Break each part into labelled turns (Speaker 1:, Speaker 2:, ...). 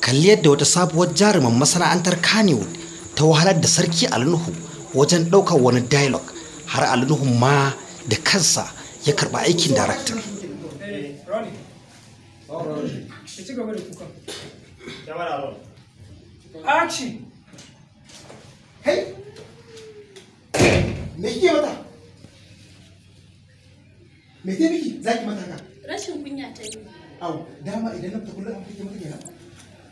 Speaker 1: kalli yadda wata sabuwar jaruman masana'antar kanewood ta wahalar da sarki alnuhu wajen ɗaukar wani dialog har alnuhu ma da kansa ya karɓa aikin darakta
Speaker 2: me kike mata
Speaker 1: me te miki zaki mata ka rashin kunya ta yi au dama idan na fita kullum an fita mata kenan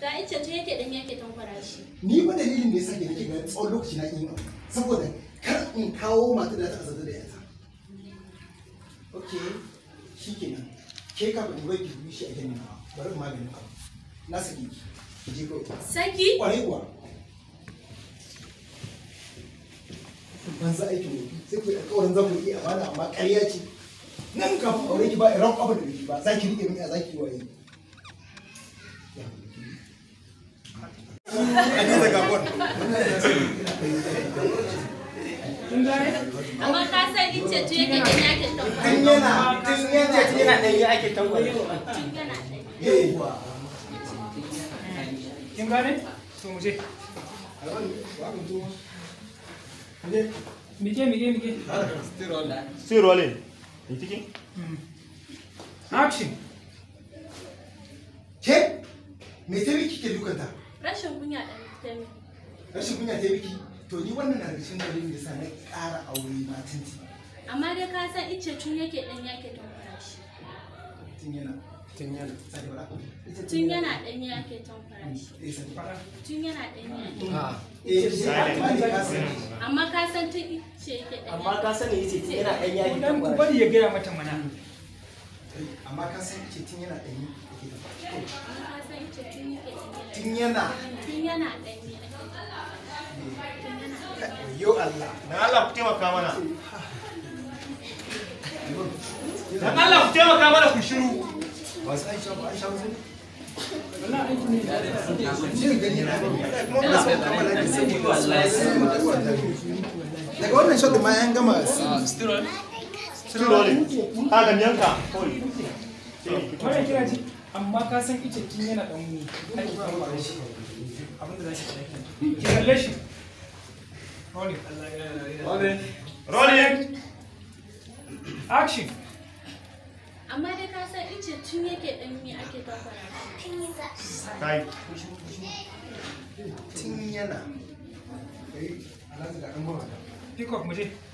Speaker 1: ta iccen ta yake dan yake tankwara farashi. ni ba dalilin da yasa ke nake ga tsawon lokaci na yin abu saboda kar in kawo mata da ta azanta da yata okay shikenan ke ka ba ki bi shi a gidan nawa bari maganin abu na saki ki je ko saki kwarai kuwa ban za aikin gobe sai ku alƙawarin za ku yi amana amma ƙarya ce nan kafin aure ki ba iran abin da ba za ki riƙe mini a za ki waye Hadiza Gabon. Amma ka san in ce tuye ka gani ake tango. Tun yana, tun yana, tun yana ɗanyi ake tango. Tun yana ɗanyi. Eh.
Speaker 2: Kin gane? To mu je. Mike, mike, mike. Still rolling. Still rolling. You thinking?
Speaker 1: Hmm. Action. Ke? Me sai kike dukanta? rashin kunya ta miki rashin kunya ta miki to ni wannan na da ne dalilin sa na ƙara aure na tinti amma dai ka san ice tun yake dan yake tamfara shi tun yana tun yana tun yana dan yake tamfara shi eh, tun yana dan ah. eh, yake amma ka san tun ice yake dan amma ka san ice yana dan yake tamfara shi ya gaya mata mana amma ka san ice tun yana ɗanyi ake dafa shi tun tun yana ɗanyi
Speaker 2: yo Allah na Allah ku taimaka mana
Speaker 1: dan Allah ku taimaka mana ku shiru ba daga wannan shaɗu bayan gama ah,
Speaker 2: gama Sirori. Adam ah, yanka. Kawai. Wannan kira ji amma ka san ice tun yana dan mu. Ake kawo shi. Abin da za shi Ki kalle shi. Rolling. Rolling. Rolling. Action.
Speaker 1: amma dai ka san ice tun yake dan me ake bakwara kai tun yana pick up mu je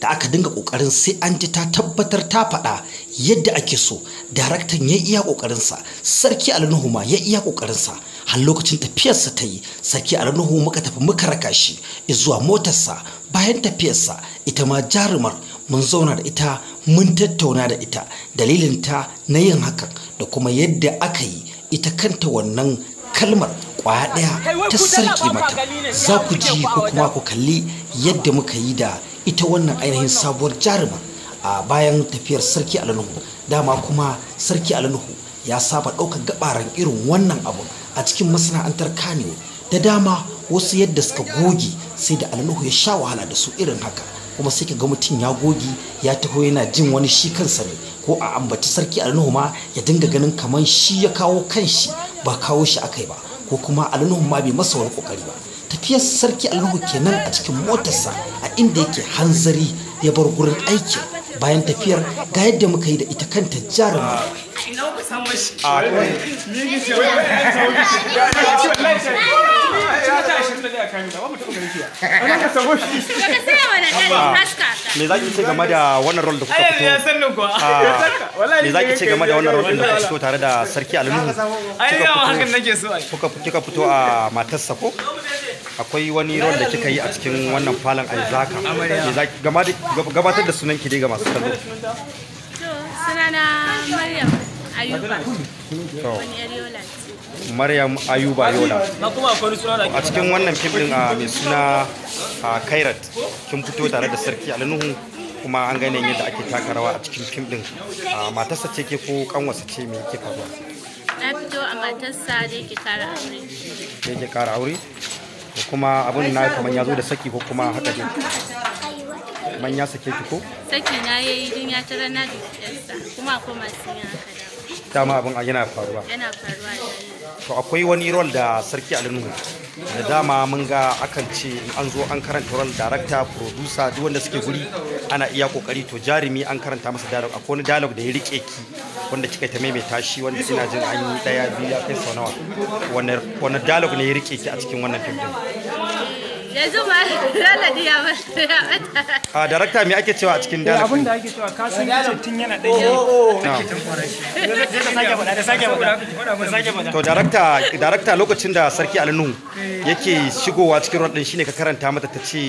Speaker 1: da aka dinga kokarin sai an ji ta tabbatar ta faɗa yadda ake so daraktan ya iya kokarinsa sarki alnuhu ma ya iya kokarinsa har lokacin tafiyarsa ta yi sarki alnuhu muka tafi muka raka shi zuwa motarsa bayan tafiyarsa ita ma jarumar mun zauna da ita mun tattauna da ita dalilinta na yin hakan da kuma yadda aka yi ita kanta wannan kalmar kwaya ɗaya ta sarki mata za ku ji ko kuma ku kalli yadda muka yi da ita wannan ainihin sabuwar jaruma a bayan tafiyar sarki alanuhu dama kuma sarki alanuhu ya saba ɗaukar gabaran irin wannan abu a cikin masana'antar kanewa da dama wasu yadda suka goge sai da alanuhu ya sha wahala da su irin haka kuma sai ga mutum ya goge ya taho yana jin wani shi kansa ne ko a ambaci sarki alanuhu ma ya dinga ganin kamar shi ya kawo kanshi ba kawo shi akai ba ko kuma alnuhu ma bai masa wani kokari ba tafiyar sarki alnuhu kenan a cikin motarsa a inda yake hanzari ya bar gurin aiki bayan tafiyar ga yadda muka yi da ita kanta jarumar ah,
Speaker 2: eh. me za ki ce game da wannan rol da kuka fito ya sannin kuwa me za ki ce game da wannan rol da kuka fito tare da sarki alinu
Speaker 1: ai yawa hakan
Speaker 2: nake so ai kuka kika fito a Matar ko akwai wani rol da kika yi a cikin wannan falon aizaka me za ki gabatar da sunan ki dai ga masu kallo
Speaker 1: sunana maryam
Speaker 2: maryam ayuba yola a cikin wannan fim din a ah, mai suna ah, kairat kin fito tare da sarki alinuhu kuma an gane yadda ake taka rawa a cikin fim din ah, matarsa ce ke ko kanwarsa ce me yake faruwa
Speaker 1: na fito a matarsa da ke kara aure
Speaker 2: da kara aure kuma abin na kamar ya zo da saki ko kuma haka ne man ya sake ki ko
Speaker 1: saki na yayi din ya tara na da kuma ko masu yin haka
Speaker 2: dama abin yana faruwa to akwai wani rol da sarki alinuhu da dama mun ga akan ce in an zo an karanta rol director producer duk wanda suke guri ana iya kokari to jarumi an karanta masa dialogue akwai wani dialogue da ya rike ki wanda kika ta maimaita shi wanda ina jin an yi daya biyu ya kai sau nawa wani dialogue ne ya rike ki a cikin wannan fim din
Speaker 1: yanzu ma lalade ya bata
Speaker 2: a darakta me ake cewa a cikin dala eh, abin da ake cewa ka san yace tun yana dan yi oh, oh, oh. to darakta darakta lokacin da sarki alinu yake shigowa cikin ruwan din shine ka karanta mata ta ce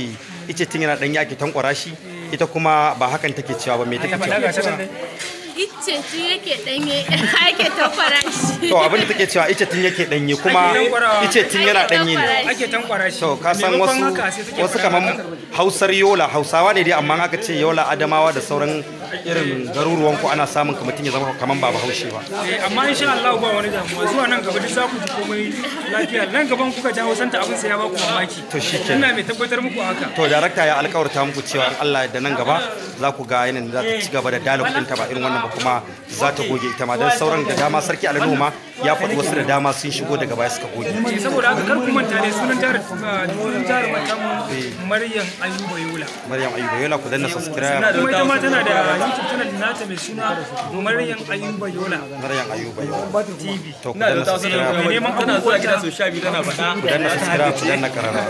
Speaker 2: ice tun yana dan yi ake tankwara shi ita kuma ba hakan take cewa ba me take cewa
Speaker 1: Ice tun yake ɗanye ake tankwara shi. To abin
Speaker 2: da take cewa ice tun yake ɗanye kuma ice tun yana ɗanye ne. Ake tan shi. To ka san wasu wasu kamar Hausar Yola Hausawa ne dai amma aka ce Yola Adamawa da sauran irin garuruwan ku ana samun ka mutum ya zama kamar ba Bahaushe ba. Eh, amma insha Allah ba wani damuwa zuwa nan gaba duk za ku ji komai lafiya nan gaban kuka ja Hausanta abin sai ya ba ku mamaki. To shi ke. Ina mai tabbatar muku haka. To darakta ya alƙawarta muku cewa Allah da nan gaba za ku ga yanayin za ta ci gaba da dalibin ta ba irin wannan kuma za ta goge ita ma don sauran da dama sarki alinu ma ya faɗi wasu da dama sun shigo daga baya suka goge eh, saboda haka kar ku manta ne sunan eh, sunan jarumar eh. maryam ayuba yola maryam ayuba yola ku danna subscribe kuma ita ma tana da youtube channel nata mai suna maryam ayuba yola maryam ayuba yola tv to ku danna subscribe neman abubuwa kina so sha biyu tana faɗa ku danna subscribe ku danna karara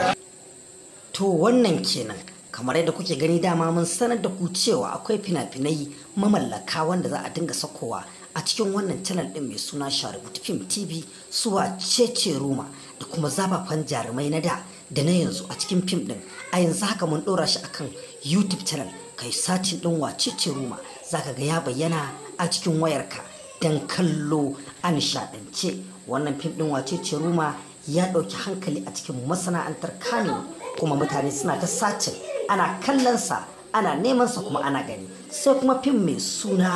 Speaker 1: to wannan kenan kamar yadda kuke gani dama mun sanar da ku cewa akwai fina-finai mamallaka wanda za a dinga sakowa a cikin wannan channel din mai suna Sharibut Film TV suwa Cece Roma da kuma zabafan jarumai na da da na yanzu a cikin film din a yanzu haka mun dora shi akan YouTube channel kai satin din wa Cece Roma zaka ga ya bayyana a cikin wayarka dan kallo a nishaɗance wannan fim din wa Cece Roma ya ɗauki hankali a cikin masana'antar Kano kuma mutane suna ta sacin ana kallonsa ana nemansa kuma ana gani sai kuma fim mai suna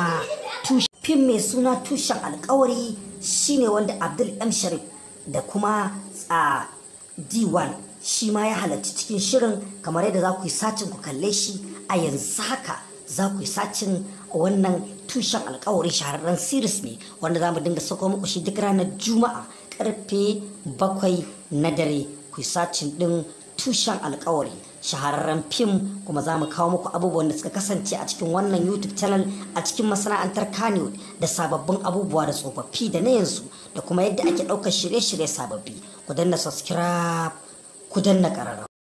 Speaker 1: fim mai suna tushen alkawari shine wanda abdul m sharif da kuma a d1 shi ma ya halarci cikin shirin kamar yadda za ku yi sacin ku kalle shi a yanzu haka za ku yi sacin wannan tushen alkawari shahararren series ne wanda za mu dinga sako muku shi duk ranar juma'a karfe bakwai na dare ku yi sacin din tushen alkawari shahararren fim kuma za mu kawo muku abubuwan da suka kasance a cikin wannan youtube channel a cikin masana'antar kaniwood da sababbin abubuwa da tsofaffi da na yanzu da kuma yadda ake ɗaukar shirye-shirye sababbi ku danna subscribe ku danna ƙararrawa